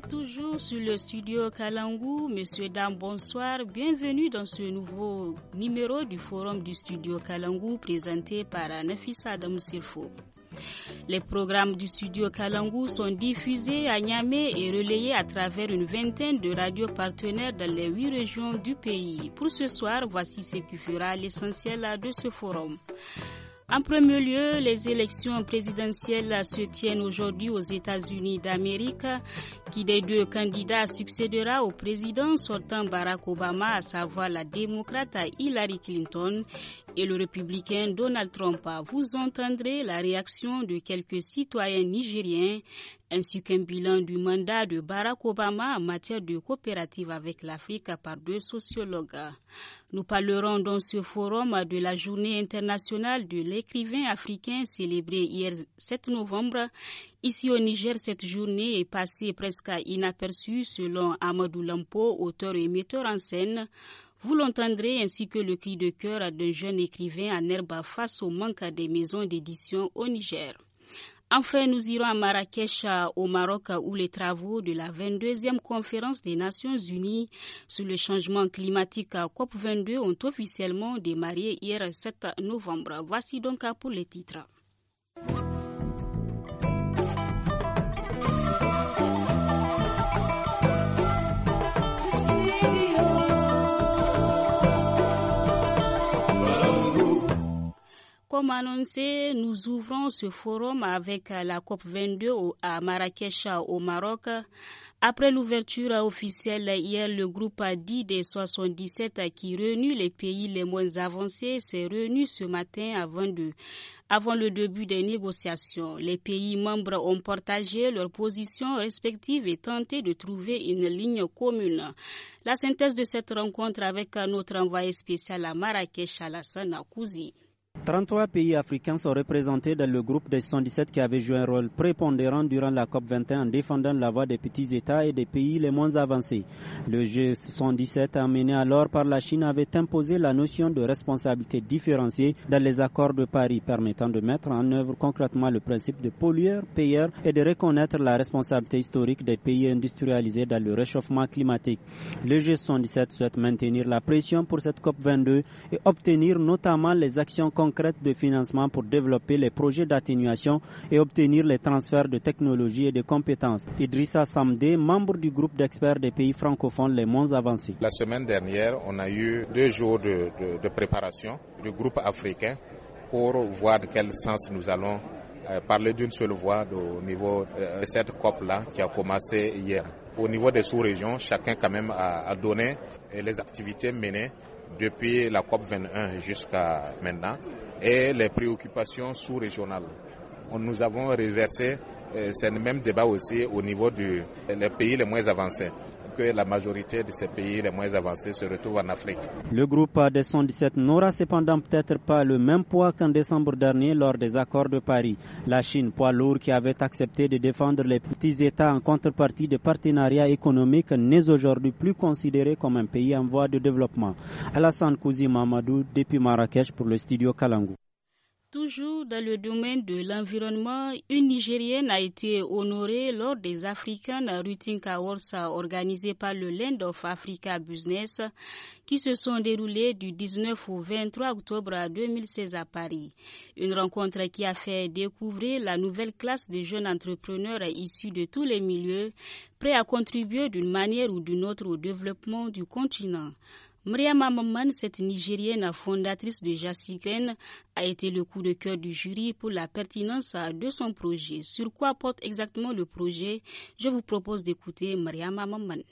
toujours sur le studio Kalangou. Monsieur Dam, bonsoir. Bienvenue dans ce nouveau numéro du forum du studio Kalangou présenté par Nafisa Adam Sirfo. Les programmes du studio Kalangu sont diffusés à Niamey et relayés à travers une vingtaine de radios partenaires dans les huit régions du pays. Pour ce soir, voici ce qui fera l'essentiel de ce forum. En premier lieu, les élections présidentielles se tiennent aujourd'hui aux États-Unis d'Amérique. Qui des deux candidats succédera au président sortant Barack Obama, à savoir la démocrate Hillary Clinton et le républicain Donald Trump. Vous entendrez la réaction de quelques citoyens nigériens ainsi qu'un bilan du mandat de Barack Obama en matière de coopérative avec l'Afrique par deux sociologues. Nous parlerons dans ce forum de la journée internationale de l'écrivain africain célébrée hier 7 novembre. Ici au Niger, cette journée est passée presque inaperçue selon Amadou Lampo, auteur et metteur en scène. Vous l'entendrez ainsi que le cri de cœur d'un jeune écrivain en herbe face au manque des maisons d'édition au Niger. Enfin, nous irons à Marrakech, au Maroc, où les travaux de la 22e conférence des Nations Unies sur le changement climatique COP22 ont officiellement démarré hier 7 novembre. Voici donc pour les titres. comme annoncé, nous ouvrons ce forum avec la COP22 à Marrakech au Maroc. Après l'ouverture officielle hier, le groupe a dit des 77 qui réunit les pays les moins avancés s'est réuni ce matin à 22 avant le début des négociations. Les pays membres ont partagé leurs positions respectives et tenté de trouver une ligne commune. La synthèse de cette rencontre avec notre envoyé spécial à Marrakech, Alassane Akouzi. 33 pays africains sont représentés dans le groupe des 117 qui avait joué un rôle prépondérant durant la COP21 en défendant la voie des petits États et des pays les moins avancés. Le G117, amené alors par la Chine, avait imposé la notion de responsabilité différenciée dans les accords de Paris, permettant de mettre en œuvre concrètement le principe de pollueur-payeur et de reconnaître la responsabilité historique des pays industrialisés dans le réchauffement climatique. Le G117 souhaite maintenir la pression pour cette COP22 et obtenir notamment les actions concrètes de financement pour développer les projets d'atténuation et obtenir les transferts de technologies et de compétences. Idrissa Samdé, membre du groupe d'experts des pays francophones les moins avancés. La semaine dernière, on a eu deux jours de, préparation du groupe africain pour voir de quel sens nous allons euh, parler d'une seule voix au niveau euh, de cette COP-là qui a commencé hier. Au niveau des sous-régions, chacun quand même a, donné euh, les activités menées depuis la COP21 jusqu'à maintenant et les préoccupations sous-régionales. Nous avons reversé euh, ces mêmes même débat aussi au niveau des pays les moins avancés que la majorité de ces pays les moins avancés se retrouvent en Afrique. Le groupe ad 117 n'aura cependant peut-être pas le même poids qu'en décembre dernier lors des accords de Paris. La Chine, poids lourd qui avait accepté de défendre les petits États en contrepartie de partenariats économiques, n'est aujourd'hui plus considérée comme un pays en voie de développement. Alassane Kouzi Mamadou, depuis Marrakech pour le studio Kalangou. Toujours dans le domaine de l'environnement, une Nigérienne a été honorée lors des African Routing Awards organisés par le Land of Africa Business qui se sont déroulés du 19 au 23 octobre 2016 à Paris. Une rencontre qui a fait découvrir la nouvelle classe de jeunes entrepreneurs issus de tous les milieux, prêts à contribuer d'une manière ou d'une autre au développement du continent. Mariama Maman, cette Nigérienne fondatrice de Jassigren, a été le coup de cœur du jury pour la pertinence de son projet. Sur quoi porte exactement le projet Je vous propose d'écouter Mariama Mamman.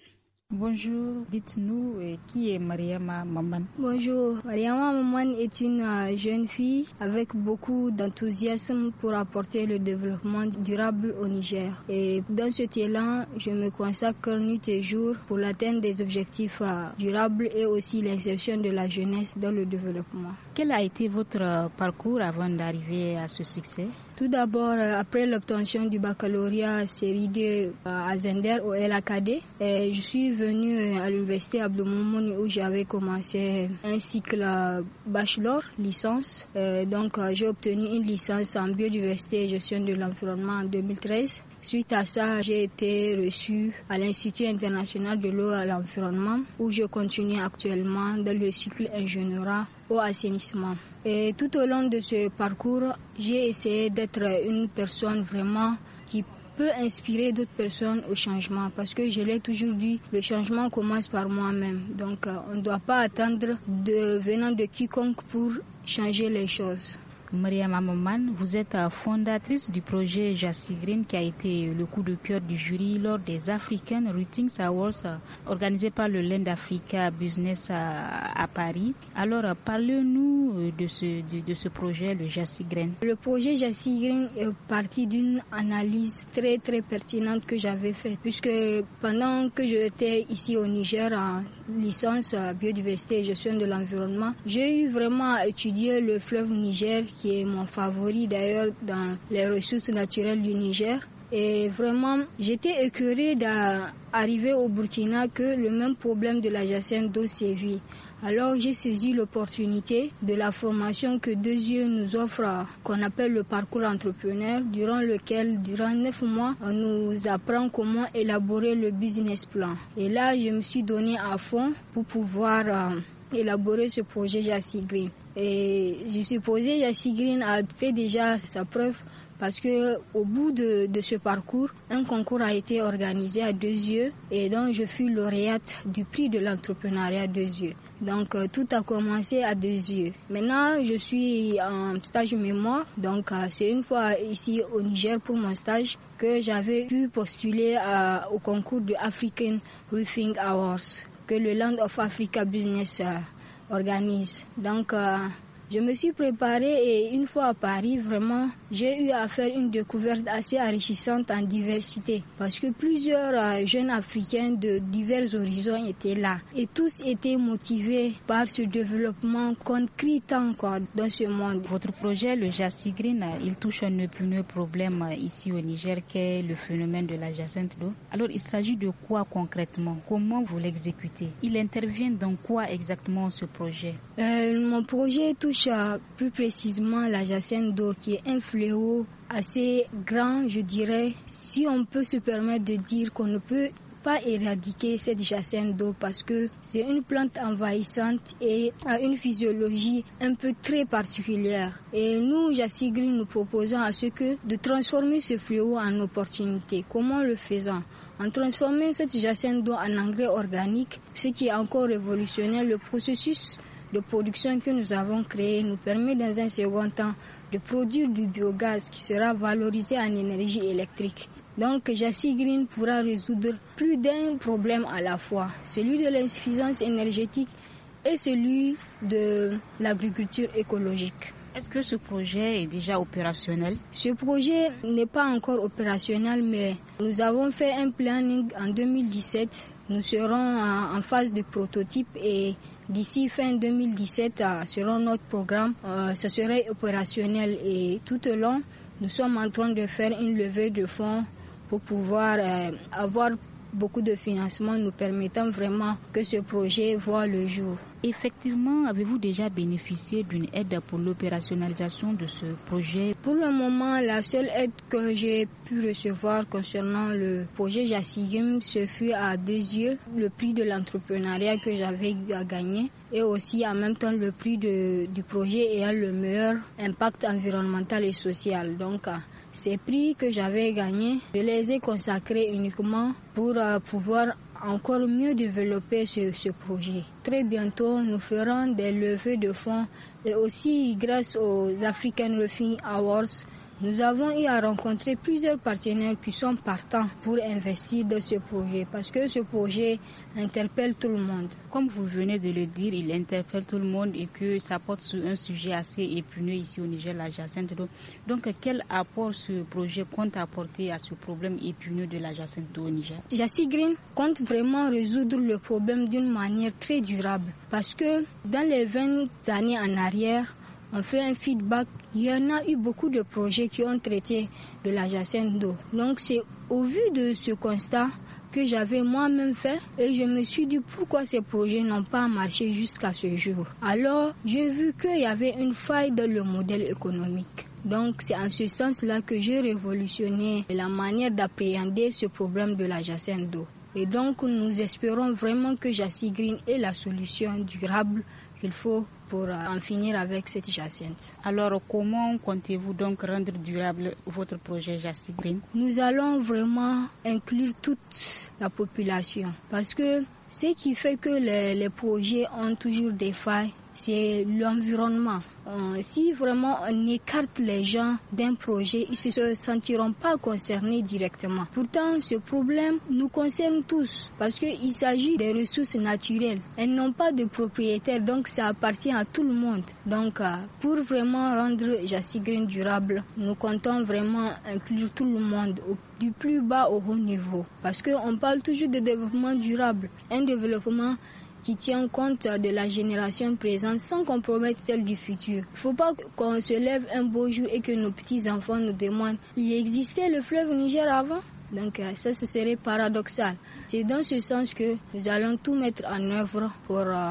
Bonjour, dites-nous euh, qui est Mariama Maman. Bonjour, Mariama Maman est une euh, jeune fille avec beaucoup d'enthousiasme pour apporter le développement durable au Niger. Et dans ce élan, je me consacre nuit et jour pour l'atteinte des objectifs euh, durables et aussi l'insertion de la jeunesse dans le développement. Quel a été votre parcours avant d'arriver à ce succès tout d'abord, euh, après l'obtention du baccalauréat série 2 euh, à Zender au LAKD, euh, je suis venue à l'université Abdoumouni où j'avais commencé un cycle bachelor, licence. Donc j'ai obtenu une licence en biodiversité et gestion de l'environnement en 2013. Suite à ça, j'ai été reçue à l'Institut international de l'eau et de l'environnement où je continue actuellement dans le cycle ingénierie assainissement. Et tout au long de ce parcours, j'ai essayé d'être une personne vraiment qui peut inspirer d'autres personnes au changement parce que je l'ai toujours dit, le changement commence par moi-même. Donc euh, on ne doit pas attendre de venant de quiconque pour changer les choses. Maria Mamman, vous êtes fondatrice du projet Jassi Green qui a été le coup de cœur du jury lors des African Routings Awards organisés par le Land Africa Business à, Paris. Alors, parlez-nous euh, de ce, ce projet, le Jassi Green. Le projet Jassi Green est parti d'une analyse très très pertinente que j'avais faite puisque pendant que j'étais ici au Niger, licence biodiversité et gestion de l'environnement. J'ai eu vraiment étudier le fleuve Niger, qui est mon favori d'ailleurs dans les ressources naturelles du Niger. Et vraiment, j'étais écœurée d'arriver au Burkina que le même problème de la gestion d'eau sévit. Alors j'ai saisi l'opportunité de la formation que Deux Yeux nous offre, qu'on appelle le parcours entrepreneur, durant lequel, durant neuf mois, on nous apprend comment élaborer le business plan. Et là, je me suis donné à fond pour pouvoir euh, élaborer ce projet Jassy Green. Et je suppose Jassy Green a fait déjà sa preuve parce que au bout de, ce parcours, un concours a été organisé à deux yeux et donc je fus lauréate du prix de l'entrepreneuriat deux yeux. Donc euh, tout a commencé à deux yeux. Maintenant, je suis en stage mémoire, donc euh, c'est une fois ici au Niger pour mon stage que j'avais pu postuler euh, au concours du African Roofing Awards que le Land of Africa Business organise. Donc je me suis préparée et une fois à Paris, vraiment, j'ai eu à faire une découverte assez enrichissante en diversité parce que plusieurs euh, jeunes Africains de divers horizons étaient là et tous étaient motivés par ce développement concret encore dans ce monde. Votre projet, le Jassi Green, il touche un épineux problème euh, ici au Niger est le phénomène de la jacinthe d'eau. Alors il s'agit de quoi concrètement Comment vous l'exécutez Il intervient dans quoi exactement ce projet euh, Mon projet touche plus précisément la jacinthe d'eau qui est influente assez grand, je dirais, si on peut se permettre de dire qu'on ne peut pas éradiquer cette jacinthe d'eau parce que c'est une plante envahissante et a une physiologie un peu très particulière. Et nous, Jassigri, nous proposons à ce que de transformer ce fléau en opportunité. Comment le faisons en transformant cette jacinthe d'eau en engrais organique, ce qui est encore révolutionnaire le processus la production que nous avons créé nous permet dans un second temps de produire du biogaz qui sera valorisé en énergie électrique. Donc Jassy Green pourra résoudre plus d'un problème à la fois, celui de l'insuffisance énergétique et celui de l'agriculture écologique. Est-ce que ce projet est déjà opérationnel Ce projet n'est pas encore opérationnel, mais nous avons fait un planning en 2017. Nous serons en phase de prototype et D'ici fin 2017, euh, selon notre programme, euh, ce serait opérationnel et tout au long, nous sommes en train de faire une levée de fonds pour pouvoir euh, avoir beaucoup de financements nous permettant vraiment que ce projet voit le jour. Effectivement, avez-vous déjà bénéficié d'une aide pour l'opérationnalisation de ce projet Pour le moment, la seule aide que j'ai pu recevoir concernant le projet Jassigim, ce fut à deux yeux le prix de l'entrepreneuriat que j'avais gagné et aussi en même temps le prix du projet ayant le meilleur impact environnemental et social. Donc, ces prix que j'avais gagnés, je les ai consacrés uniquement pour euh, pouvoir encore mieux développer ce, projet. Très bientôt, nous ferons des levées de fonds et aussi grâce aux African Refugee Awards, nous avons eu à rencontrer plusieurs partenaires qui sont partants pour investir dans ce projet parce que ce projet interpelle tout le monde. Comme vous venez de le dire, il interpelle tout le monde et que ça porte sur un sujet assez épineux ici au Niger, la jacinthe d'eau. Donc quel apport ce projet compte apporter à ce problème épineux de la jacinthe d'eau au Niger Jassy Green compte vraiment résoudre le problème d'une manière très durable parce que dans les 20 années en arrière, on fait un feedback il y en a eu beaucoup de projets qui ont traité de la jacinthe d'eau. Donc c'est au vu de ce constat que j'avais moi-même fait et je me suis dit pourquoi ces projets n'ont pas marché jusqu'à ce jour. Alors j'ai vu qu'il y avait une faille dans le modèle économique. Donc c'est en ce sens-là que j'ai révolutionné la manière d'appréhender ce problème de la jacinthe d'eau. Et donc, nous espérons vraiment que Jassy Green est la solution durable qu'il faut pour euh, en finir avec cette jacinthe. Alors, comment comptez-vous donc rendre durable votre projet Jassy Green Nous allons vraiment inclure toute la population parce que ce qui fait que les, les projets ont toujours des failles, c'est l'environnement. Euh, si vraiment on écarte les gens d'un projet, ils ne se sentiront pas concernés directement. Pourtant, ce problème nous concerne tous parce qu'il s'agit des ressources naturelles. Elles n'ont pas de propriétaire, donc ça appartient à tout le monde. Donc, euh, pour vraiment rendre Jassy Green durable, nous comptons vraiment inclure tout le monde du plus bas au haut niveau. Parce qu'on parle toujours de développement durable. Un développement qui tient compte de la génération présente sans compromettre celle du futur. Il ne faut pas qu'on se lève un beau jour et que nos petits-enfants nous demandent il existait le fleuve Niger avant donc euh, ça, ce serait paradoxal. C'est dans ce sens que nous allons tout mettre en œuvre pour euh,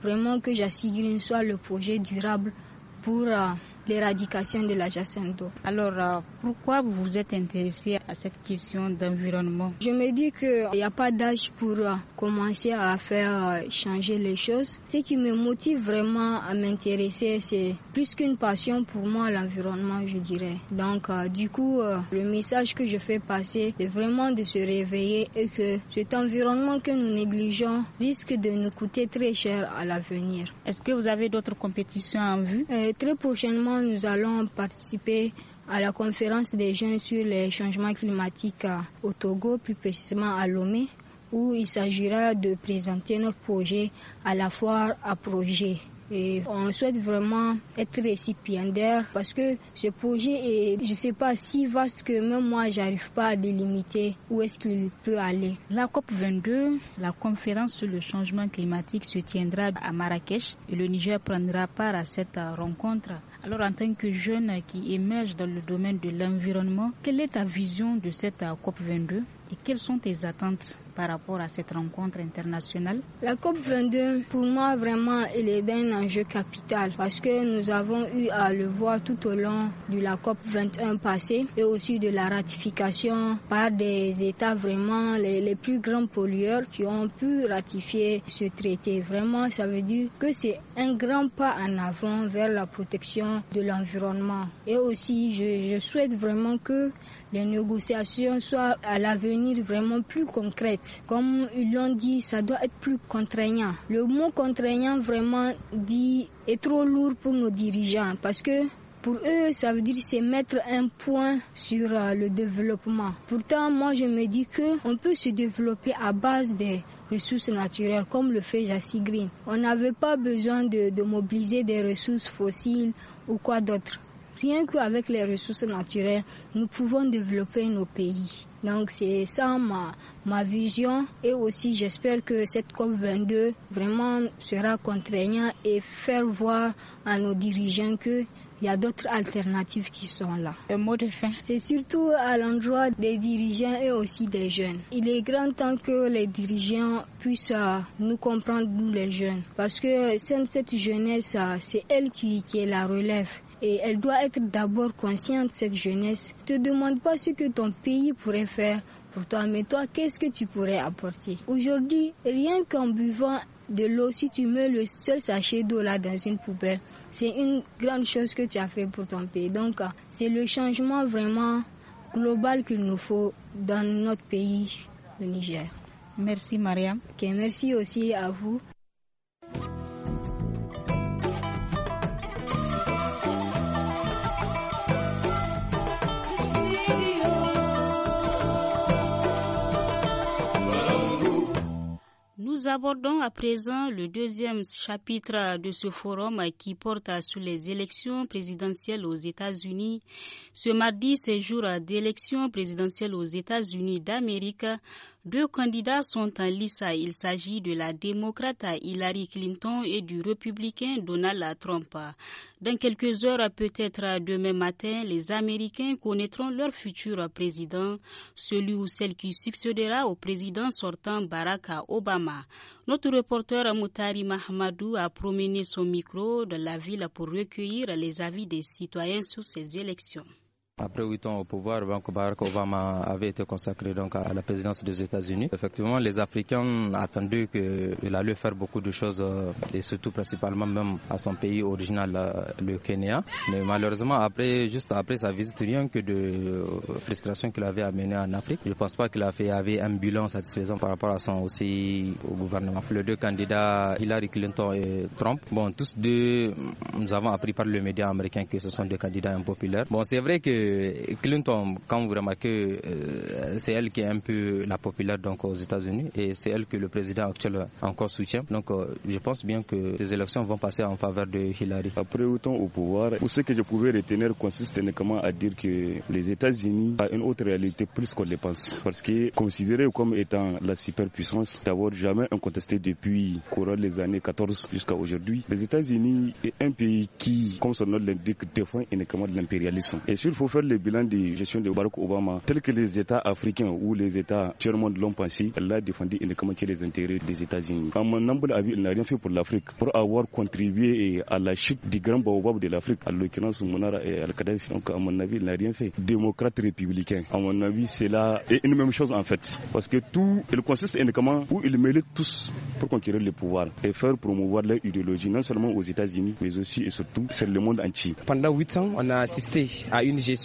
vraiment que Jassigrin soit le projet durable pour euh, l'éradication de la Alors, euh, pourquoi vous vous êtes intéressé à cette question d'environnement Je me dis qu'il n'y a pas d'âge pour euh, commencer à faire euh, changer les choses. Ce qui me motive vraiment à m'intéresser, c'est plus qu'une passion pour moi, l'environnement, je dirais. Donc, du coup, le message que je fais passer, c'est vraiment de se réveiller et que cet environnement que nous négligeons risque de nous coûter très cher à l'avenir. Est-ce que vous avez d'autres compétitions en vue Très prochainement, nous allons participer à la conférence des jeunes sur les changements climatiques au Togo, plus précisément à Lomé, où il s'agira de présenter notre projet à la foire à projet. Et on souhaite vraiment être récipiendaire parce que ce projet est, je ne sais pas, si vaste que même moi, j'arrive pas à délimiter où est-ce qu'il peut aller. La COP22, la conférence sur le changement climatique, se tiendra à Marrakech et le Niger prendra part à cette rencontre. Alors en tant que jeune qui émerge dans le domaine de l'environnement, quelle est ta vision de cette euh, COP22 et quelles sont tes attentes par rapport à cette rencontre internationale La COP22, pour moi, vraiment, elle est d'un enjeu capital parce que nous avons eu à le voir tout au long de la COP21 passée et aussi de la ratification par des États vraiment les, plus grands pollueurs qui ont pu ratifier ce traité. Vraiment, ça veut dire que c'est un grand pas en avant vers la protection de l'environnement. Et aussi, je, je souhaite vraiment que les négociations soient à l'avenir vraiment plus concrètes comme ils l'ont dit, ça doit être plus contraignant. Le mot contraignant vraiment dit est trop lourd pour nos dirigeants parce que pour eux, ça veut dire c'est mettre un point sur euh, le développement. Pourtant, moi, je me dis que on peut se développer à base des ressources naturelles, comme le fait Jassy Green. On n'avait pas besoin de mobiliser des ressources fossiles ou quoi d'autre. Rien qu'avec les ressources naturelles, nous pouvons développer nos pays. Donc c'est ça ma, ma vision et aussi j'espère que cette COP22 vraiment sera contraignant et faire voir à nos dirigeants que il y a d'autres alternatives qui sont là. Le mot de fin. C'est surtout à l'endroit des dirigeants et aussi des jeunes. Il est grand temps que les dirigeants puissent euh, nous comprendre, nous les jeunes. Parce que c'est cette jeunesse, euh, c'est elle qui, qui est la relève. Et elle doit être d'abord consciente, cette jeunesse. Ne te demande pas ce que ton pays pourrait faire pour toi, mais toi, qu'est-ce que tu pourrais apporter Aujourd'hui, rien qu'en buvant de l'eau, si tu mets le seul sachet d'eau là dans une poubelle, c'est une grande chose que tu as fait pour ton pays. Donc, ah, c'est le changement vraiment global qu'il nous faut dans notre pays, le Niger. Merci Mariam. merci aussi à vous. Nous abordons à présent le deuxième chapitre de ce forum qui porte sur les élections présidentielles aux États-Unis. Ce mardi, c'est jour d'élections présidentielles aux États-Unis d'Amérique, deux candidats sont en lice. Il s'agit de la démocrate Hillary Clinton et du républicain Donald Trump. Dans quelques heures, peut-être demain matin, les Américains connaîtront leur futur président, celui ou celle qui succédera au président sortant Barack Obama. Notre reporter Moutari Mahamadou a promené son micro dans la ville pour recueillir les avis des citoyens sur ces élections. Après huit ans au pouvoir, Barack Obama avait été consacré donc à la présidence des États-Unis. Effectivement, les Africains attendaient qu'il allait faire beaucoup de choses, euh, et surtout principalement même à son pays original, le Kenya. Mais malheureusement, après, juste après sa visite, rien que de euh, frustration qu'il avait amené en Afrique, je ne pense pas qu'il avait un bilan satisfaisant par rapport à son aussi au gouvernement. Les deux candidats, Hillary Clinton et Trump, bon, tous deux, nous avons appris par le média américain que ce sont des candidats impopulaires. Bon, c'est vrai que Clinton, quand vous remarquez, euh, c'est elle qui est un peu la populaire donc aux États-Unis et c'est elle que le président actuel encore soutient. Donc euh, je pense bien que ces élections vont passer en faveur de Hillary. Après autant au pouvoir, ce que je pouvais retenir consiste uniquement à dire que les États-Unis ont une autre réalité plus qu'on les pense, parce que considéré comme étant la superpuissance, d'avoir jamais contesté depuis courant les années 14 jusqu'à aujourd'hui, les États-Unis est un pays qui, comme son nom l'indique, défend uniquement de l'impérialisme. Et s'il faut faire le bilan de gestion de Barack Obama, tel que les États africains ou les États tiers-monde l'ont pensé, elle a défendu uniquement les intérêts des États-Unis. À mon avis, elle n'a rien fait pour l'Afrique, pour avoir contribué à la chute du grand baobab de l'Afrique, à l'occurrence Monara et al Donc, à mon avis, elle n'a rien fait. Démocrate républicain, à mon avis, c'est là et une même chose en fait. Parce que tout, il consiste uniquement où ils mêlent tous pour conquérir le pouvoir et faire promouvoir leur idéologie, non seulement aux États-Unis, mais aussi et surtout sur le monde entier. Pendant huit ans, on a assisté à une gestion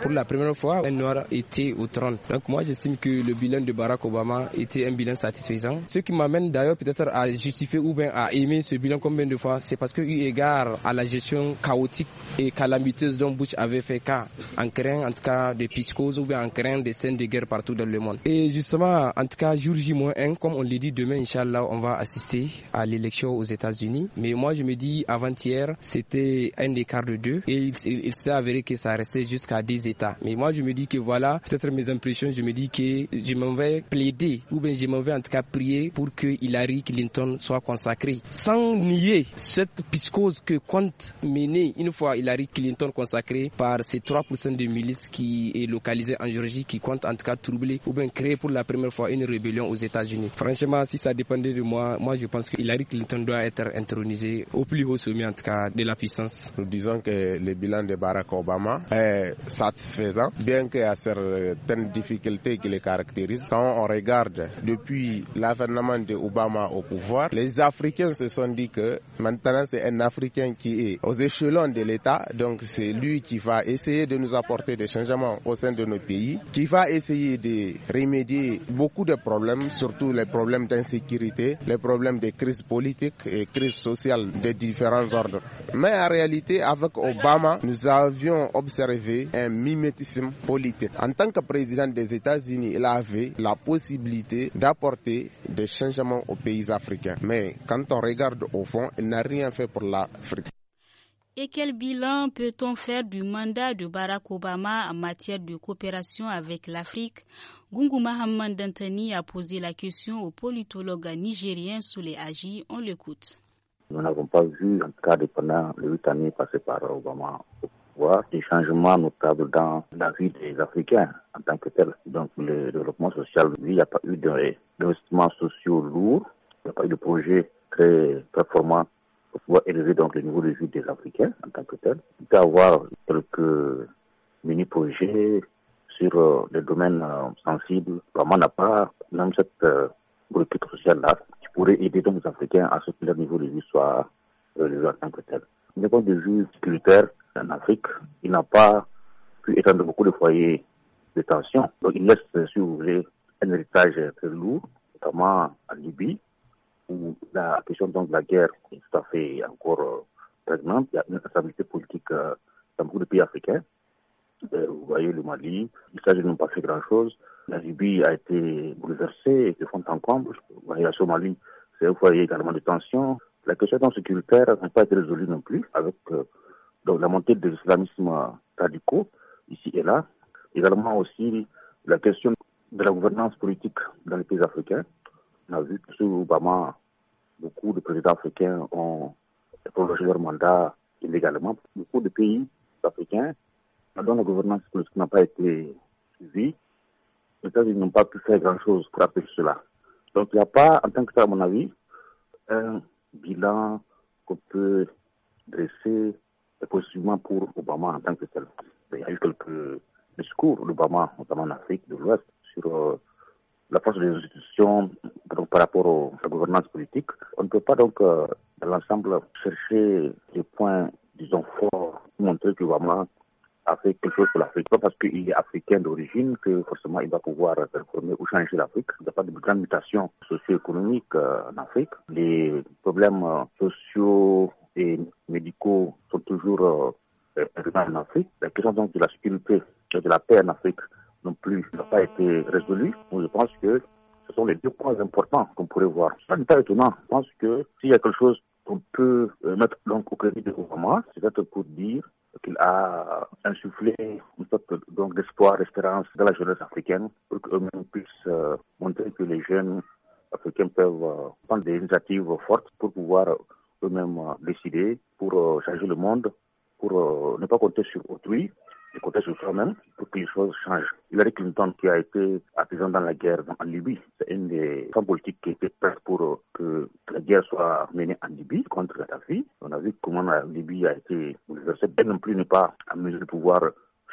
pour la première fois, un noir était au trône. Donc moi, j'estime que le bilan de Barack Obama était un bilan satisfaisant. Ce qui m'amène d'ailleurs peut-être à justifier ou bien à aimer ce bilan combien de fois, c'est parce que eu égard à la gestion chaotique et calamiteuse dont Bush avait fait cas, en craint en tout cas des piscoses ou bien en craint des scènes de guerre partout dans le monde. Et justement, en tout cas, jour J-1, comme on l'a dit, demain, Inch'Allah, on va assister à l'élection aux États-Unis. Mais moi, je me dis, avant-hier, c'était un écart de deux et il, il s'est avéré que ça restait juste jusqu'à des États. Mais moi, je me dis que voilà, peut-être mes impressions, je me dis que je m'en vais plaider, ou bien je m'en vais en tout cas prier pour que Hillary Clinton soit consacrée. Sans nier cette piscose que compte mener une fois Hillary Clinton consacrée par ces 3% de milices qui est localisée en Géorgie, qui compte en tout cas troubler ou bien créer pour la première fois une rébellion aux États-Unis. Franchement, si ça dépendait de moi, moi je pense que Hillary Clinton doit être intronisée au plus haut sommet en tout cas de la puissance. Nous disons que le bilan de Barack Obama est satisfaisant, bien qu'il y ait certaines difficultés qui les caractérisent. Quand on regarde depuis l'avènement de Obama au pouvoir, les Africains se sont dit que maintenant c'est un Africain qui est aux échelons de l'État, donc c'est lui qui va essayer de nous apporter des changements au sein de nos pays, qui va essayer de remédier beaucoup de problèmes, surtout les problèmes d'insécurité, les problèmes de crise politique et crise sociale de différents ordres. Mais en réalité, avec Obama, nous avions observé un mimétisme politique. En tant que président des États-Unis, il avait la possibilité d'apporter des changements aux pays africains. Mais quand on regarde au fond, il n'a rien fait pour l'Afrique. Et quel bilan peut-on faire du mandat de Barack Obama en matière de coopération avec l'Afrique Gungu Mahamman Dantani a posé la question au politologue nigérien les Agi. On l'écoute. Nous n'avons pas vu, en tout cas, pendant les huit années passées par Obama, voir des changements notables dans la vie des Africains en tant que tel. Donc le développement social, lui, il n'y a pas eu d'investissements sociaux lourds, il n'y a pas eu de projet très performant pour pouvoir élever donc le niveau de vie des Africains en tant que tel. Il peut y avoir quelques mini-projets sur euh, des domaines euh, sensibles. Vraiment, n'a pas même cette euh, politique sociale-là qui pourrait aider donc les Africains à ce que leur niveau de vie soit élevé en tant que tel du point de vue sécuritaire, en Afrique, il n'a pas pu étendre beaucoup de foyers de tension. Donc il laisse, si vous voulez, un héritage très lourd, notamment en Libye, où la question donc, de la guerre est tout à fait encore euh, prégnante. Il y a une instabilité politique euh, dans beaucoup de pays africains. Euh, vous voyez le Mali, les États n'ont pas fait grand-chose. La Libye a été bouleversée de fond en comble. Vous voyez la Somalie, c'est un foyer également de tension. La question sécuritaire n'a pas été résolue non plus avec euh, donc la montée de l'islamisme radicaux ici et là. Également aussi la question de la gouvernance politique dans les pays africains. On a vu que sous Obama, beaucoup de présidents africains ont prolongé leur mandat illégalement. Beaucoup de pays africains dans la gouvernance politique n'ont pas été suivis. peut-être ils n'ont pas pu faire grand-chose pour appeler cela. Donc il n'y a pas, en tant que ça, à mon avis, bilan qu'on peut dresser positivement pour Obama en tant que tel. Il y a eu quelques discours d'Obama, notamment en Afrique de l'Ouest, sur euh, la force des institutions par rapport à la gouvernance politique. On ne peut pas donc, euh, dans l'ensemble, chercher les points, disons, forts, pour montrer Obama a fait quelque chose pour l'Afrique. Pas parce qu'il est africain d'origine que forcément il va pouvoir performer ou changer l'Afrique. Il n'y a pas de grande mutation socio-économique euh, en Afrique. Les problèmes euh, sociaux et médicaux sont toujours présents euh, en Afrique. La question de la sécurité et de la paix en Afrique non plus n'a pas été résolue. Donc je pense que ce sont les deux points importants qu'on pourrait voir. Ce n'est pas étonnant. Je pense que s'il y a quelque chose qu'on peut mettre donc au crédit de gouvernement, c'est peut-être pour dire qu'il a insufflé une sorte d'espoir, d'espérance dans la jeunesse africaine pour qu'eux-mêmes puissent euh, montrer que les jeunes africains peuvent euh, prendre des initiatives fortes pour pouvoir eux-mêmes euh, décider, pour changer le monde, pour ne pas compter sur autrui, sur soi même pour que les choses changent. Il y une Clinton, qui a été artisan dans la guerre en Libye, c'est une des femmes politiques qui était prête pour euh, que la guerre soit menée en Libye contre Gaddafi. On a vu comment la Libye a été bouleversée. Elle non plus n'est pas à mesure de pouvoir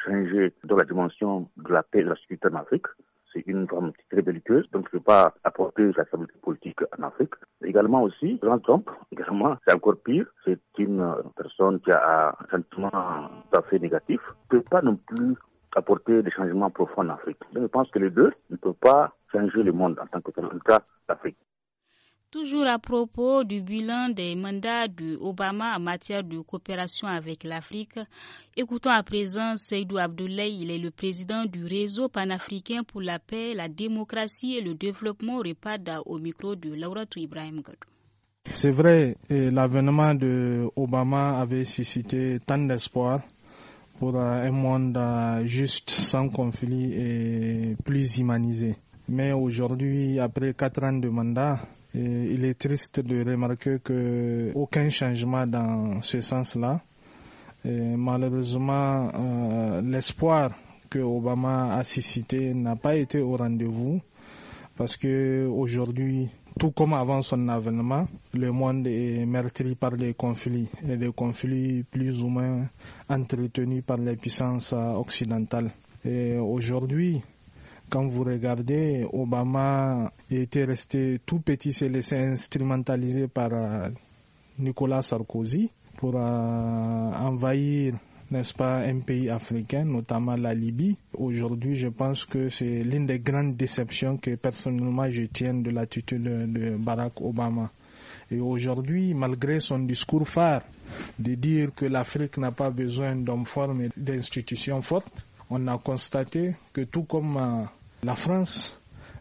changer de la dimension de la paix et de la sécurité en Afrique c'est une femme très belliqueuse, donc je ne peut pas apporter sa stabilité politique en Afrique. Également aussi, Donald Trump, également, c'est encore pire, c'est une personne qui a un sentiment tout à fait négatif, ne peut pas non plus apporter des changements profonds en Afrique. je pense que les deux ne peuvent pas changer le monde en tant que tel, en tout cas l'Afrique. Toujours à propos du bilan des mandats d'Obama en matière de coopération avec l'Afrique, écoutons à présent Seydou Abdoulaye. Il est le président du réseau panafricain pour la paix, la démocratie et le développement Répanda au micro de Tou Ibrahim Gadou. C'est vrai, l'avènement de avait suscité tant d'espoir pour un monde juste, sans conflit et plus humanisé. Mais aujourd'hui, après quatre ans de mandat, il est triste de remarquer que aucun changement dans ce sens-là. malheureusement, euh, l'espoir que Obama a suscité n'a pas été au rendez-vous parce que aujourd'hui, tout comme avant son avènement, le monde est meurtri par des conflits, et des conflits plus ou moins entretenus par les puissances occidentales. Et aujourd'hui, quand vous regardez, Obama était resté tout petit, s'est laissé instrumentaliser par euh, Nicolas Sarkozy pour euh, envahir n'est-ce pas, un pays africain, notamment la Libye. Aujourd'hui, je pense que c'est l'une des grandes déceptions que personnellement je tiens de l'attitude de Barack Obama. Et aujourd'hui, malgré son discours phare de dire que l'Afrique n'a pas besoin d'hommes forts mais d'institutions fortes, on a constaté que tout comme euh, la France,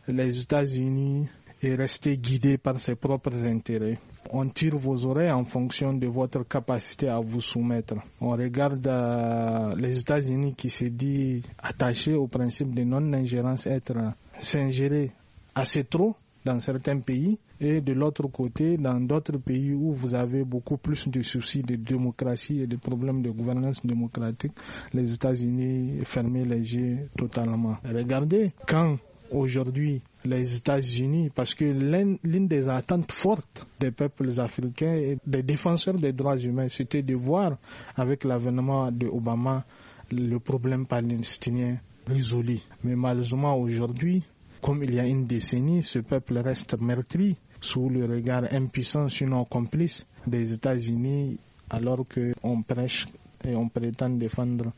les États-Unis est resté guidé par ses propres intérêts. On tire vos oreilles en fonction de votre capacité à vous soumettre. On regarde euh, les États-Unis qui se disent attachés au principe de non-ingérence, être euh, s'ingérer assez trop dans certains pays et de l'autre côté dans d'autres pays où vous avez beaucoup plus de soucis de démocratie et de problèmes de gouvernance démocratique, les États-Unis fermaient les yeux totalement. Regardez quand aujourd'hui les États-Unis, parce que l'une des attentes fortes des peuples africains et des défenseurs des droits humains, c'était de voir, avec l'avènement de Obama, le problème palestinien résolu. Mais malheureusement, aujourd'hui, comme il y a une décennie, ce peuple reste meurtri sous le regard impuissant, sinon complice, des États-Unis, alors qu'on prêche et on prétend défendre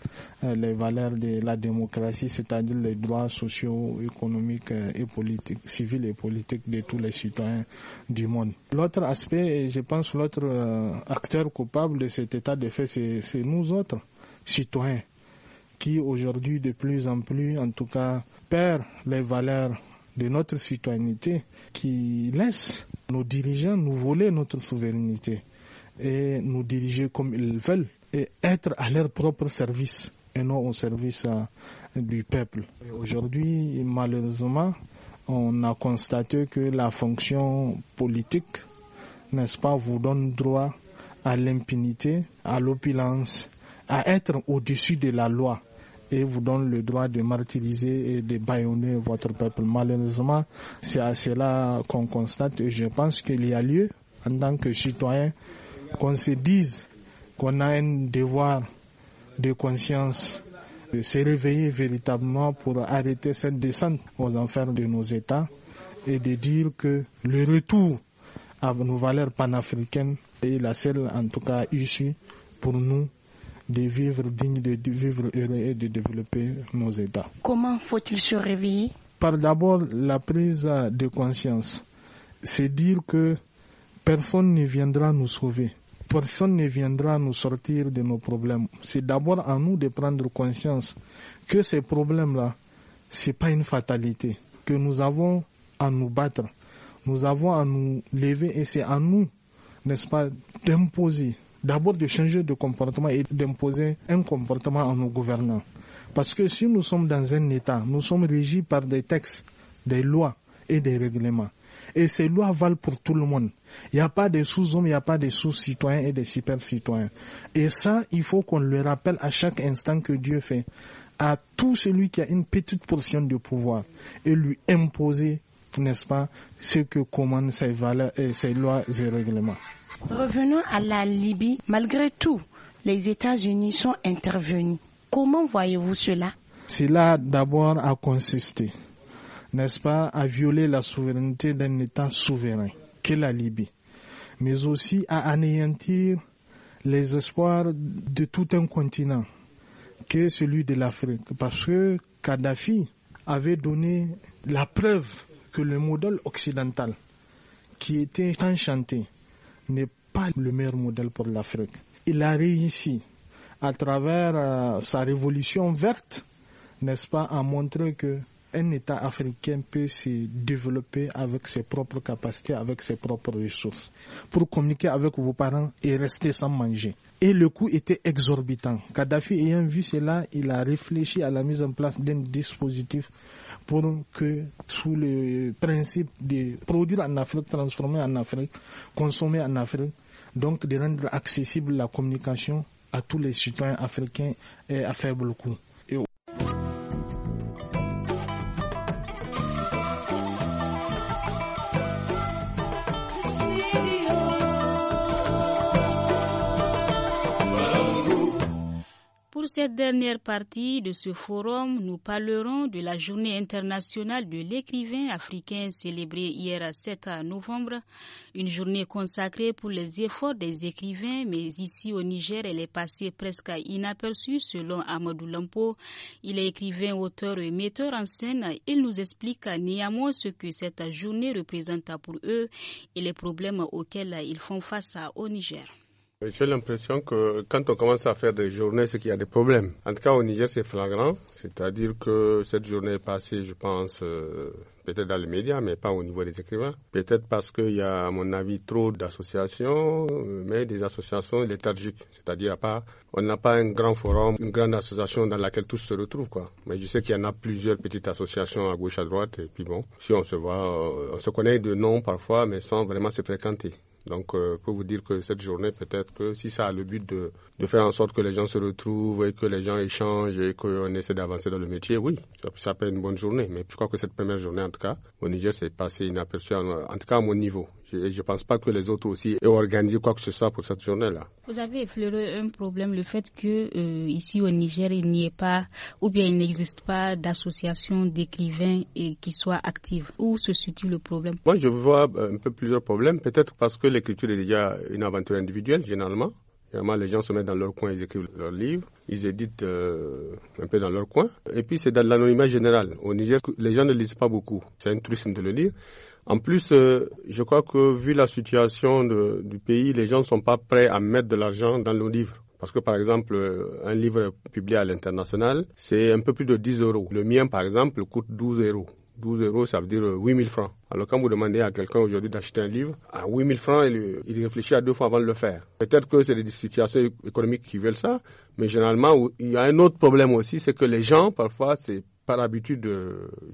euh, les valeurs de la démocratie, c'est-à-dire les droits sociaux, économiques euh, et politiques, civils et politiques de tous les citoyens du monde. L'autre aspect, et je pense l'autre euh, acteur coupable de cet état de fait, c'est nous autres, citoyens qui aujourd'hui de plus en plus, en tout cas, perd les valeurs de notre citoyenneté, qui laisse nos dirigeants nous voler notre souveraineté et nous diriger comme ils veulent et être à leur propre service et non au service euh, du peuple. Aujourd'hui, malheureusement, on a constaté que la fonction politique, n'est-ce pas, vous donne droit à l'impunité, à l'opulence, à être au-dessus de la loi et vous donne le droit de martyriser et de baïonner votre peuple. Malheureusement, c'est à cela qu'on constate et je pense qu'il y a lieu, en tant que citoyen, qu'on se dise qu'on a un devoir de conscience de se réveiller véritablement pour arrêter cette descente aux enfers de nos États et de dire que le retour à nos valeurs panafricaines est la seule, en tout cas, issue pour nous de vivre digne, de vivre heureux et de développer nos États. Comment faut-il se réveiller Par d'abord la prise de conscience. C'est dire que personne ne viendra nous sauver. Personne ne viendra nous sortir de nos problèmes. C'est d'abord à nous de prendre conscience que ces problèmes-là, ce n'est pas une fatalité, que nous avons à nous battre, nous avons à nous lever et c'est à nous, n'est-ce pas, d'imposer d'abord de changer de comportement et d'imposer un comportement en nos gouvernants. Parce que si nous sommes dans un État, nous sommes régis par des textes, des lois et des règlements. Et ces lois valent pour tout le monde. Il n'y a pas de sous-hommes, il n'y a pas de sous-citoyens et de super-citoyens. Et ça, il faut qu'on le rappelle à chaque instant que Dieu fait à tout celui qui a une petite portion de pouvoir et lui imposer, n'est-ce pas, ce que commandent ces valeurs et ses lois et ces règlements. Revenons à la Libye. Malgré tout, les États-Unis sont intervenus. Comment voyez-vous cela Cela d'abord a consisté, n'est-ce pas, à violer la souveraineté d'un État souverain, que la Libye, mais aussi à anéantir les espoirs de tout un continent, que celui de l'Afrique, parce que Kadhafi avait donné la preuve que le modèle occidental, qui était enchanté, n'est pas le meilleur modèle pour l'Afrique. Il a réussi à travers euh, sa révolution verte, n'est-ce pas, à montrer que un État africain peut se développer avec ses propres capacités, avec ses propres ressources, pour communiquer avec vos parents et rester sans manger. Et le coût était exorbitant. Kadhafi ayant vu cela, il a réfléchi à la mise en place d'un dispositif pour que sous le principe de produire en Afrique, transformer en Afrique, consommer en Afrique, donc de rendre accessible la communication à tous les citoyens africains et à faible coût. dernière partie de ce forum, nous parlerons de la journée internationale de l'écrivain africain célébrée hier à 7 novembre, une journée consacrée pour les efforts des écrivains, mais ici au Niger, elle est passée presque inaperçue selon Amadou Lampo. Il est écrivain, auteur et metteur en scène. Il nous explique néanmoins ce que cette journée représente pour eux et les problèmes auxquels ils font face au Niger. J'ai l'impression que quand on commence à faire des journées, c'est qu'il y a des problèmes. En tout cas, au Niger, c'est flagrant. C'est-à-dire que cette journée est passée, je pense, euh, peut-être dans les médias, mais pas au niveau des écrivains. Peut-être parce qu'il y a, à mon avis, trop d'associations, euh, mais des associations léthargiques. C'est-à-dire, on n'a pas un grand forum, une grande association dans laquelle tous se retrouvent, quoi. Mais je sais qu'il y en a plusieurs petites associations à gauche, à droite, et puis bon, si on se voit, euh, on se connaît de nom parfois, mais sans vraiment se fréquenter. Donc, euh, pour vous dire que cette journée, peut-être que si ça a le but de, de, faire en sorte que les gens se retrouvent et que les gens échangent et qu'on essaie d'avancer dans le métier, oui, ça, peut être une bonne journée. Mais je crois que cette première journée, en tout cas, au Niger, c'est passé inaperçu, en tout cas à mon niveau. Je ne pense pas que les autres aussi aient organisé quoi que ce soit pour cette journée-là. Vous avez effleuré un problème, le fait que euh, ici au Niger, il n'y ait pas, ou bien il n'existe pas d'association d'écrivains qui soit active. Où se situe le problème Moi, je vois euh, un peu plusieurs problèmes. Peut-être parce que l'écriture est déjà une aventure individuelle, généralement. Généralement, les gens se mettent dans leur coin, ils écrivent leurs livres, ils éditent euh, un peu dans leur coin. Et puis, c'est dans l'anonymat général. Au Niger, les gens ne lisent pas beaucoup. C'est un truisme de le lire. En plus, euh, je crois que vu la situation de, du pays, les gens ne sont pas prêts à mettre de l'argent dans nos livres. Parce que par exemple, euh, un livre publié à l'international, c'est un peu plus de 10 euros. Le mien, par exemple, coûte 12 euros. 12 euros, ça veut dire 8000 euh, francs. Alors quand vous demandez à quelqu'un aujourd'hui d'acheter un livre, à 8000 francs, il, il, réfléchit à deux fois avant de le faire. Peut-être que c'est des situations économiques qui veulent ça, mais généralement, il y a un autre problème aussi, c'est que les gens, parfois, c'est par habitude,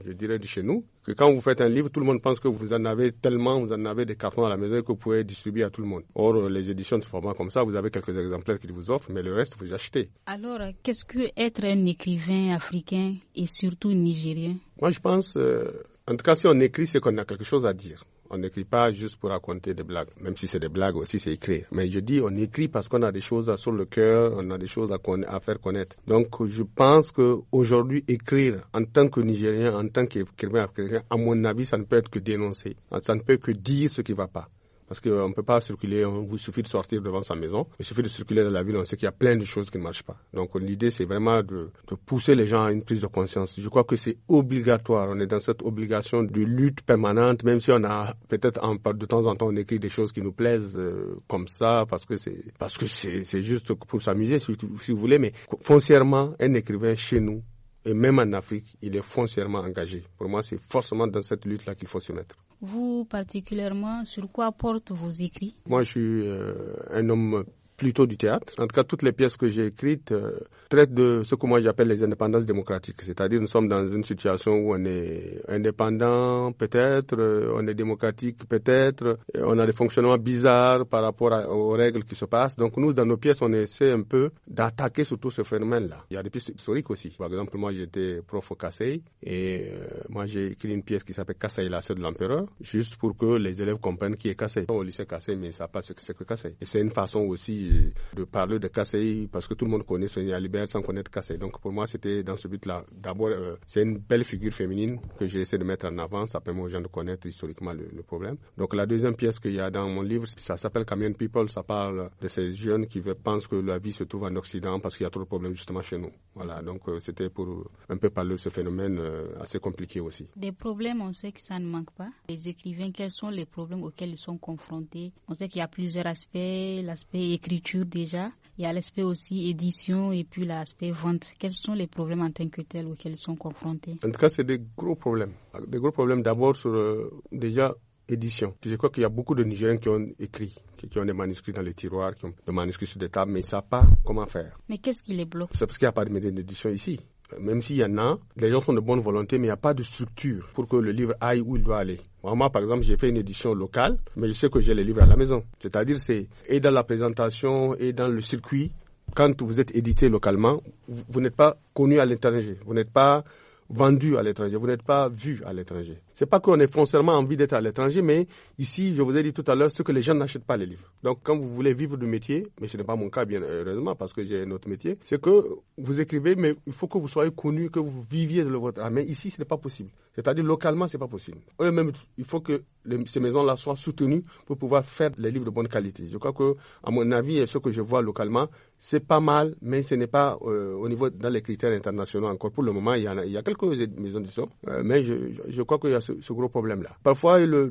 je dirais, de chez nous, que quand vous faites un livre, tout le monde pense que vous en avez tellement, vous en avez des cartons à la maison que vous pouvez distribuer à tout le monde. Or, euh, les éditions de format comme ça, vous avez quelques exemplaires qu'ils vous offrent, mais le reste, vous achetez. Alors, qu'est-ce que être un écrivain africain et surtout nigérien Moi, je pense, euh, en tout cas, si on écrit, c'est qu'on a quelque chose à dire. On n'écrit pas juste pour raconter des blagues, même si c'est des blagues aussi, c'est écrit. Mais je dis, on écrit parce qu'on a des choses sur le cœur, on a des choses à, faire connaître. Donc, je pense que aujourd'hui, écrire en tant que Nigérien, en tant qu'écrivain, à mon avis, ça ne peut être que dénoncer. Ça ne peut que dire ce qui ne va pas parce qu'on ne peut pas circuler, on vous suffit de sortir devant sa maison, il suffit de circuler dans la ville, on sait qu'il y a plein de choses qui ne marchent pas. Donc l'idée, c'est vraiment de, de, pousser les gens à une prise de conscience. Je crois que c'est obligatoire, on est dans cette obligation de lutte permanente, même si on a peut-être de temps en temps, on écrit des choses qui nous plaisent euh, comme ça, parce que c'est parce que c'est juste pour s'amuser, si, si vous voulez, mais foncièrement, un écrivain chez nous, et même en Afrique, il est foncièrement engagé. Pour moi, c'est forcément dans cette lutte-là qu'il faut se mettre. Vous particulièrement, sur quoi portent vos écrits Moi, je suis euh, un homme plutôt du théâtre. En tout cas, toutes les pièces que j'ai écrites euh, traitent de ce que moi j'appelle les indépendances démocratiques. C'est-à-dire, nous sommes dans une situation où on est indépendant, peut-être, euh, on est démocratique, peut-être, euh, on a des fonctionnements bizarres par rapport aux règles qui se passent. Donc, nous, dans nos pièces, on essaie un peu d'attaquer surtout ce phénomène-là. Il y a des pistes historiques aussi. Par exemple, moi, j'étais prof au Cassey et moi, j'ai écrit une pièce qui s'appelle Kassei, la sœur de l'empereur, juste pour que les élèves comprennent qui est cassé Au lycée cassé mais ça savent ce que c'est que Et c'est une façon aussi de parler de Kasséi parce que tout le monde connaît Sonia Libert sans connaître Kasséi. Donc pour moi, c'était dans ce but-là. D'abord, euh, c'est une belle figure féminine que j'ai essayé de mettre en avant. Ça permet aux gens de connaître historiquement le, problème. Donc la deuxième pièce qu'il y a dans mon livre, ça s'appelle Camion People. Ça parle de ces jeunes qui pensent que la vie se trouve en Occident parce qu'il y a trop de problèmes justement chez nous. Voilà, donc euh, c'était pour euh, un peu parler de ce phénomène assez compliqué aussi. Des problèmes, on sait que ça ne manque pas. Les écrivains, quels sont les problèmes auxquels ils sont confrontés On sait qu'il y a plusieurs aspects, l'aspect écrit déjà, il y a l'aspect aussi édition et puis l'aspect vente. Quels sont les problèmes en tant que tels auxquels ils sont confrontés En tout cas, c'est des gros problèmes. Des gros problèmes d'abord sur euh, déjà édition. Je crois qu'il y a beaucoup de Nigériens qui ont écrit, qui ont des manuscrits dans les tiroirs, qui ont des manuscrits sur des tables, mais ils ne savent pas comment faire. Mais qu'est-ce qui les bloque C'est parce qu'il n'y a pas de médium d'édition ici même s'il y en a, les gens sont de bonne volonté, mais il n'y a pas de structure pour que le livre aille où il doit aller. Moi, par exemple, j'ai fait une édition locale, mais je sais que j'ai les livres à la maison. C'est-à-dire, c'est et dans la présentation et dans le circuit. Quand vous êtes édité localement, vous, vous n'êtes pas connu à l'étranger. Vous n'êtes pas vendu à l'étranger, vous n'êtes pas vu à l'étranger. C'est pas qu'on ait foncièrement envie d'être à l'étranger, mais ici, je vous ai dit tout à l'heure, c'est que les gens n'achètent pas les livres. Donc, quand vous voulez vivre du métier, mais ce n'est pas mon cas, bien heureusement, parce que j'ai un autre métier, c'est que vous écrivez, mais il faut que vous soyez connu, que vous viviez de votre Mais ici, ce n'est pas possible. C'est-à-dire, localement, ce n'est pas possible. Eux-mêmes, il faut que ces maisons-là soient soutenues pour pouvoir faire les livres de bonne qualité. Je crois que, à mon avis, et ce que je vois localement, c'est pas mal, mais ce n'est pas euh, au niveau dans les critères internationaux encore. Pour le moment, il y, a, quelques maisons de euh, mais je, crois qu'il y a ce, gros problème-là. Parfois, le,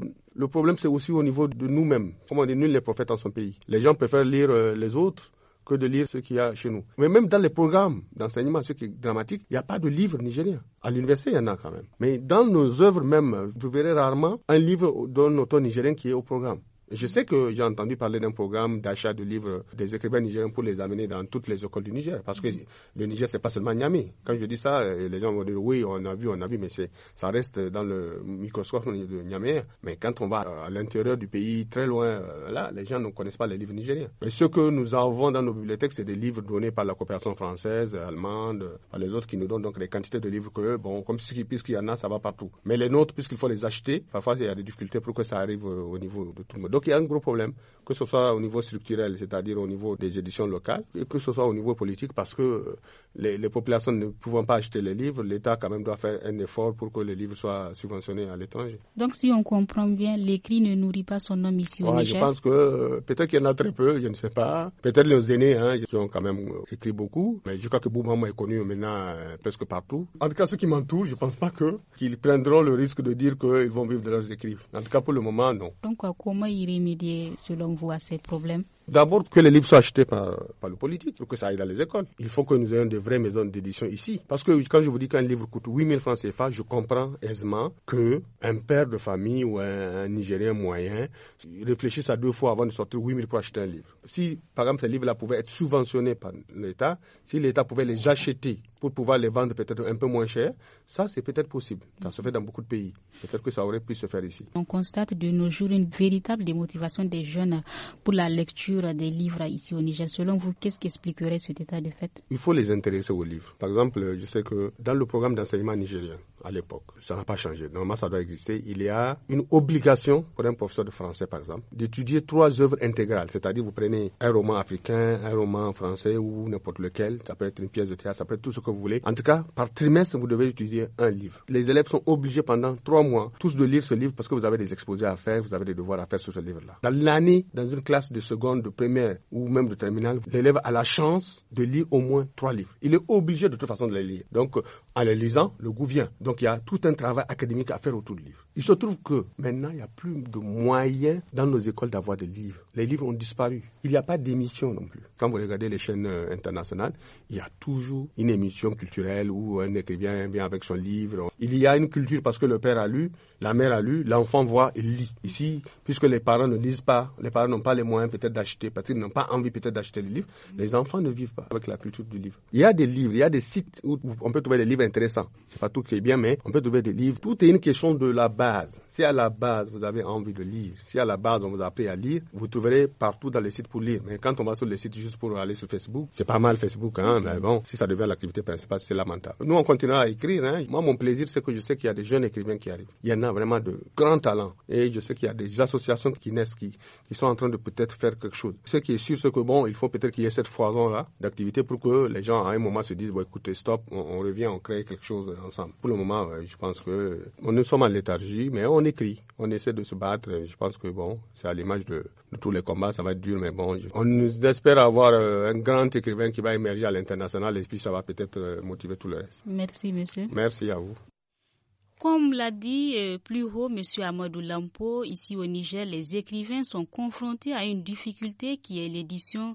problème, c'est aussi au niveau de nous-mêmes. Comment on dit, nul n'est dans en son pays. Les gens préfèrent lire euh, les autres que de lire ce qu'il y a chez nous. Mais même dans les programmes d'enseignement, ce qui est dramatique, il n'y a pas de livre nigérien. À l'université, il y en a quand même. Mais dans nos œuvres même, vous verrez rarement un livre d'un auteur nigérien qui est au programme. Je sais que j'ai entendu parler d'un programme d'achat de livres des écrivains nigériens pour les amener dans toutes les écoles du Niger. Parce que le Niger, c'est pas seulement Niamey. Quand je dis ça, euh, les gens vont dire oui, on a vu, on a vu, mais ça reste dans le microscope de Niamey. Mais quand on va euh, à l'intérieur du pays, très loin, euh, là, les gens ne connaissent pas les livres nigériens. Mais ce que nous avons dans nos bibliothèques, c'est des livres donnés par la coopération française, allemande, par les autres qui nous donnent donc les quantités de livres que, bon, comme puisqu'il y en a, ça va partout. Mais les nôtres, puisqu'il faut les acheter, parfois il y a des difficultés pour que ça arrive au niveau de tout le monde. Donc il y a un gros problème, que ce soit au niveau structurel, c'est-à-dire au niveau des éditions locales, et que ce soit au niveau politique, parce que euh, les, populations ne pouvant pas acheter les livres, l'État quand même doit faire un effort pour que les livres soient subventionnés à l'étranger. Donc si on comprend bien, l'écrit ne nourrit pas son homme ici au Niger. Je pense que euh, peut-être qu'il y en a très peu, je ne sais pas. Peut-être les aînés hein, qui ont quand même euh, écrit beaucoup, mais je crois que Boubama est connu maintenant presque partout. En tout cas, ceux qui m'entourent, je ne pense pas que qu'ils prendront le risque de dire qu'ils vont vivre de leurs écrits. En tout cas, pour le moment, non. Donc comment il remédier, selon vous, à ces problèmes D'abord, que les livres soient achetés par, par le politique, pour que ça aille dans les écoles. Il faut que nous ayons de vraies maisons d'édition ici. Parce que quand je vous dis qu'un livre coûte 8000 francs CFA, je comprends aisément qu'un père de famille ou un, Nigérien moyen réfléchisse à deux fois avant de sortir 8000 pour acheter un livre. Si, par exemple, ces livres-là pouvaient être subventionnés par l'État, si l'État pouvait les acheter pour pouvoir les vendre peut-être un peu moins cher, ça c'est peut-être possible. Ça se fait dans beaucoup de pays. Peut-être que ça aurait pu se faire ici. On constate de nos jours une véritable démotivation des jeunes pour la lecture des livres ici au Niger. Selon vous, qu'est-ce qui expliquerait cet état de fait Il faut les intéresser aux livres. Par exemple, je sais que dans le programme d'enseignement nigérien, à l'époque, ça n'a pas changé. Normalement, ça doit exister. Il y a une obligation pour un professeur de français, par exemple, d'étudier trois œuvres intégrales. C'est-à-dire, vous prenez un roman africain, un roman français ou n'importe lequel. Ça peut être une pièce de théâtre, ça peut être tout ce que vous voulez. En tout cas, par trimestre, vous devez étudier un livre. Les élèves sont obligés pendant trois mois tous de lire ce livre parce que vous avez des exposés à faire, vous avez des devoirs à faire sur ce livre-là. Dans l'année, dans une classe de seconde, de première ou même de terminale, l'élève a la chance de lire au moins trois livres. Il est obligé de toute façon de les lire. Donc, en les lisant, le goût vient. Donc il y a tout un travail académique à faire autour du livre. Il se trouve que maintenant, il n'y a plus de moyens dans nos écoles d'avoir des livres. Les livres ont disparu. Il n'y a pas d'émission non plus. Quand vous regardez les chaînes euh, internationales, il y a toujours une émission culturelle où un écrivain vient avec son livre. Il y a une culture parce que le père a lu, la mère a lu, l'enfant voit et lit. Ici, puisque les parents ne lisent pas, les parents n'ont pas les moyens peut-être d'acheter, parce qu'ils n'ont pas envie peut-être d'acheter le livre, les enfants ne vivent pas avec la culture du livre. Il y a des livres, il y a des sites où on peut trouver des livres intéressant. C'est pas tout qui est bien, mais on peut trouver des livres. Tout est une question de la base. Si à la base vous avez envie de lire, si à la base on vous apprend à lire, vous trouverez partout dans les sites pour lire. Mais quand on va sur les sites juste pour aller sur Facebook, c'est pas mal Facebook, hein, mais bon, si ça devient l'activité principale, c'est lamentable. Nous, on continuera à écrire, hein. Moi, mon plaisir, c'est que je sais qu'il y a des jeunes écrivains qui arrivent. Il y en a vraiment de grands talents. Et je sais qu'il y a des associations qui naissent, qui, qui sont en train de peut-être faire quelque chose. Ce qui est sûr, c'est que bon, il faut peut-être qu'il y ait cette foison-là d'activité pour que les gens, à un moment, se disent, bon, écoutez, stop, on, revient, on quelque chose ensemble. Pour le moment, je pense que nous sommes en léthargie, mais on écrit, on essaie de se battre. Je pense que bon, c'est à l'image de, tous les combats, ça va être dur, mais bon, on espère avoir euh, un grand écrivain qui va émerger à l'international et puis ça va peut-être euh, motiver tout le reste. Merci, monsieur. Merci à vous. Comme l'a dit euh, plus haut M. Amadou Lampo, ici au Niger, les écrivains sont confrontés à une difficulté qui est l'édition.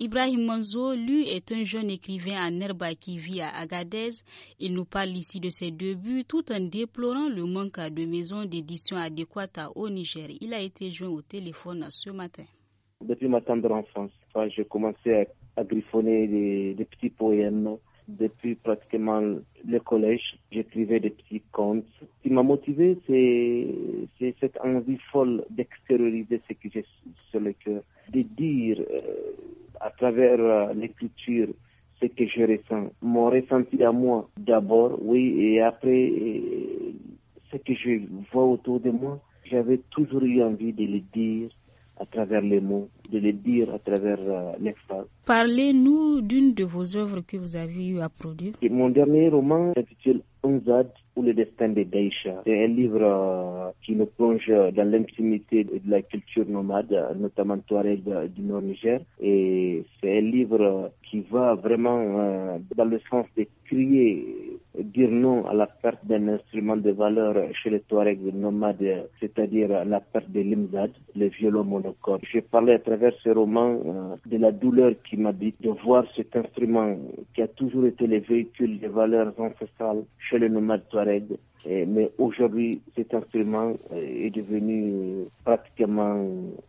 Ibrahim Manzo, lui, est un jeune écrivain à Nerba qui vit à Agadez. Il nous parle ici de ses débuts tout en déplorant le manque de maisons d'édition adéquates au Niger. Il a été joint au téléphone ce matin. Depuis ma tendre enfance, j'ai commencé à griffonner des petits poèmes depuis pratiquement le collège, j'écrivais des petits contes. Ce qui m'a motivé, c'est cette envie folle d'extérioriser ce que j'ai sur le cœur, de dire euh, à travers euh, l'écriture ce que je ressens, mon ressenti à moi d'abord, oui, et après euh, ce que je vois autour de moi. J'avais toujours eu envie de le dire, à travers les mots, de les dire à travers euh, Parlez-nous d'une de vos œuvres que vous avez eu à produire. mon dernier roman s'intitule Unzad ou le destin de Daïcha. C'est un livre euh, qui nous plonge euh, dans l'intimité de la culture nomade, euh, notamment Touareg du Nord Niger. Et c'est un livre qui va vraiment dans le sens de crier dire non à la perte d'un instrument de valeur chez les Touaregs nomades, c'est-à-dire la perte de l'imdad, le violon monocorde. J'ai parlé à travers ce roman euh, de la douleur qui m'habite de voir cet instrument qui a toujours été le véhicule des valeurs ancestrales chez les nomades Touaregs eh, mais aujourd'hui, cet instrument eh, est devenu euh, pratiquement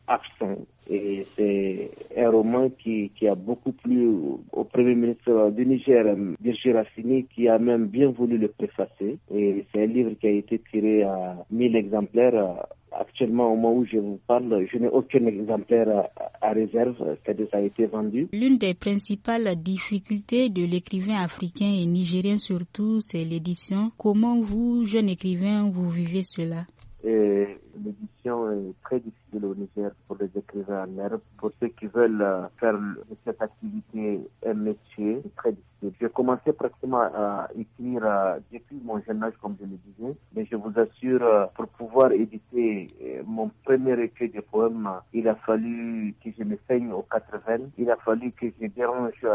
absent. Et c'est un roman qui, qui a beaucoup plu au Premier ministre du Niger, Birgit Rassini, qui a même bien voulu le préfacer. Et c'est un livre qui a été tiré à 1000 exemplaires Actuellement, au moment où je vous parle, je n'ai aucun exemplaire à, réserve, cest ça a été vendu. L'une des principales difficultés de l'écrivain africain et nigérien surtout, c'est l'édition. Comment vous, jeune écrivain, vous vivez cela et l'édition est très difficile au Niger pour les écrivains en Pour ceux qui veulent euh, faire cette activité un métier, c'est très difficile. J'ai commencé pratiquement à écrire euh, depuis mon jeune âge, comme je le disais. Mais je vous assure, euh, pour pouvoir éditer mon premier écrit de poème, il a fallu que je me saigne aux quatre Il a fallu que je dérange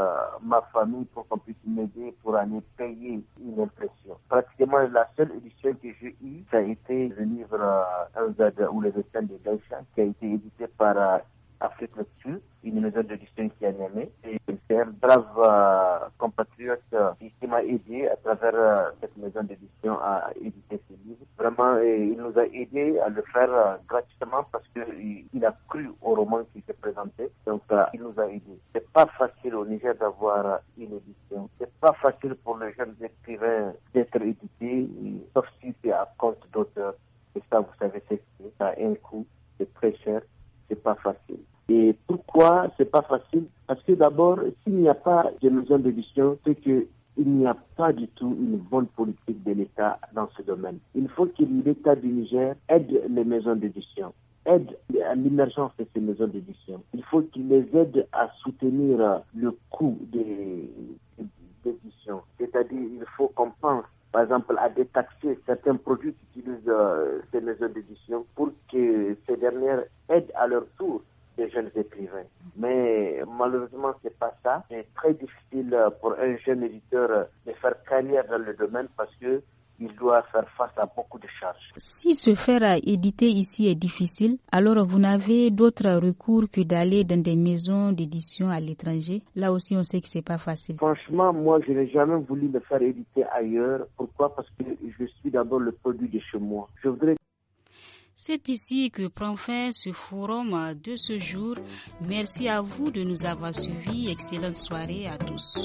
ma famille pour qu'on puisse m'aider pour aller payer une impression pratiquement la seule édition que j'ai eue, ça a été le livre euh, ou les de Gaïcha, qui a été édité par euh, Afrique une maison d'édition qui a aimé. C'est un brave euh, compatriote euh, qui m'a aidé à travers euh, cette maison d'édition à éditer ce livre. Vraiment, il nous a aidé à le faire gratuitement parce qu'il il a cru au roman qui se présentait. Donc, il nous a aidé. C'est pas facile au Niger d'avoir une édition. C'est pas facile pour les jeunes de Pourquoi c'est pas facile Parce que d'abord, s'il n'y a pas de maison d'édition, c'est que il n'y a pas du tout une bonne politique de l'État dans ce domaine. Il faut que l'État du Niger aide les maisons d'édition aide à l'émergence de ces maisons d'édition. Il faut qu'il les aide à soutenir le coût des éditions. C'est-à-dire, il faut qu'on pense, par exemple, à détaxer certains produits qui utilisent euh, ces maisons d'édition pour que ces dernières aident à leur tour c'est très difficile euh, pour un jeune éditeur euh, de faire carrière dans le domaine parce que il doit faire face à beaucoup de charges. Si se faire euh, éditer ici est difficile, alors vous n'avez d'autre recours que d'aller dans des maisons d'édition à l'étranger. Là aussi, on sait que c'est pas facile. Franchement, moi, je n'ai jamais voulu me faire éditer ailleurs. Pourquoi Parce que je suis d'abord le produit de chez moi. Je voudrais c'est ici que prend fin ce forum de ce jour. Merci à vous de nous avoir suivis. Excellente soirée à tous.